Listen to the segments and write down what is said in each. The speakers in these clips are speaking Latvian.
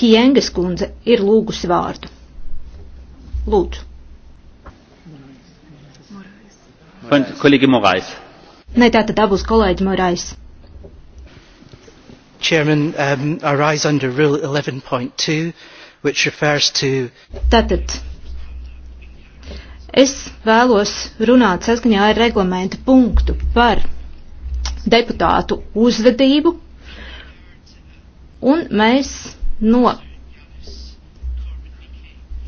Kienges kundze ir lūgusi vārdu. Lūdzu. Kolēģi Morais. Nē, tā tad abūs kolēģi Morais. Chairman, um, I rise under Rule 11.2, which refers to. Tātad. Es vēlos runāt saskaņā ar reglamentu punktu par deputātu uzvedību, un mēs no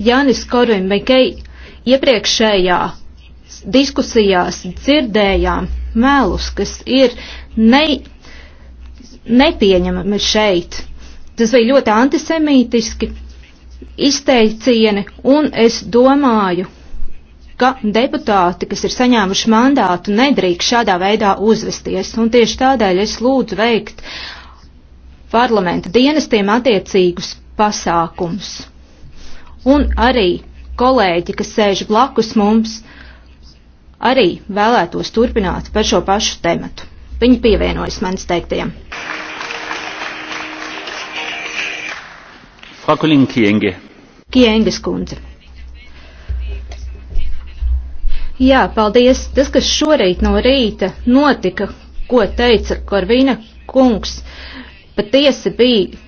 Janis Korin Mekei iepriekšējā diskusijās dzirdējām melus, kas ir ne, nepieņemami šeit. Tas bija ļoti antisemītiski izteicieni, un es domāju, ka deputāti, kas ir saņēmuši mandātu, nedrīkst šādā veidā uzvesties, un tieši tādēļ es lūdzu veikt parlamenta dienestiem attiecīgus pasākums. Un arī kolēģi, kas sēž blakus mums, arī vēlētos turpināt par šo pašu tematu. Viņi pievienojas manis teiktiem. Frau Kolin Kienge. Kienges kundze. Jā, paldies. Tas, kas šorīt no rīta notika, ko teica Korvina kungs, uh, patiesi bija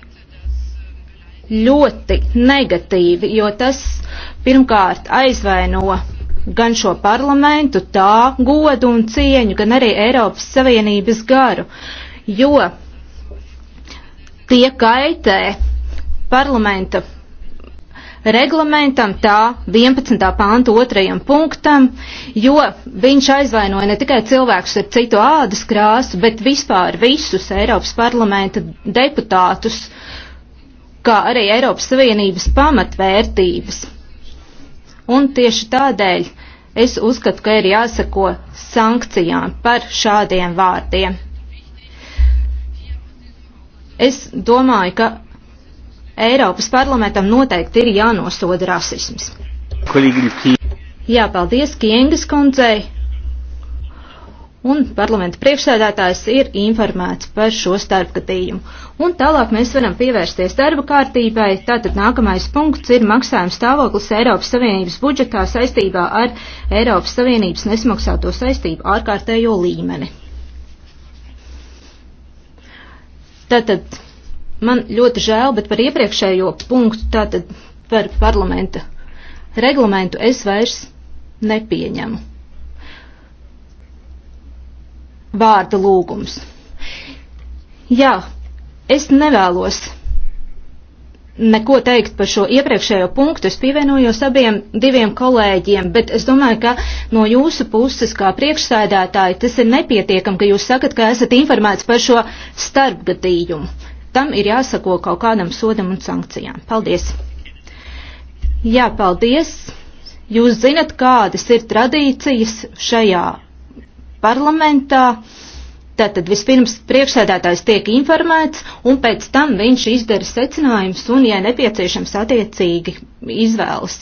ļoti negatīvi, jo tas pirmkārt aizvaino gan šo parlamentu, tā godu un cieņu, gan arī Eiropas Savienības garu, jo tie kaitē parlamenta reglamentam, tā 11. pānta otrajam punktam, jo viņš aizvainoja ne tikai cilvēkus ar citu ādas krāsu, bet vispār visus Eiropas parlamenta deputātus, kā arī Eiropas Savienības pamatvērtības. Un tieši tādēļ es uzskatu, ka ir jāsako sankcijām par šādiem vārdiem. Es domāju, ka Eiropas parlamentam noteikti ir jānosoda rasisms. Jā, paldies Kiengas kundzei. Un parlamenta priekšsēdētājs ir informēts par šo starpgatījumu. Un tālāk mēs varam pievērsties darba kārtībai. Tātad nākamais punkts ir maksājuma stāvoklis Eiropas Savienības budžetā saistībā ar Eiropas Savienības nesmaksāto saistību ārkārtējo līmeni. Tātad Man ļoti žēl, bet par iepriekšējo punktu, tātad par parlamenta reglamentu, es vairs nepieņemu. Vārda lūgums. Jā, es nevēlos neko teikt par šo iepriekšējo punktu. Es pievienojos abiem diviem kolēģiem, bet es domāju, ka no jūsu puses, kā priekšsēdētāji, tas ir nepietiekami, ka jūs sakat, ka esat informēts par šo starpgadījumu tam ir jāsako kaut kādam sodam un sankcijām. Paldies! Jā, paldies! Jūs zinat, kādas ir tradīcijas šajā parlamentā. Tātad vispirms priekšsēdētājs tiek informēts, un pēc tam viņš izdara secinājumus un, ja nepieciešams, attiecīgi izvēlas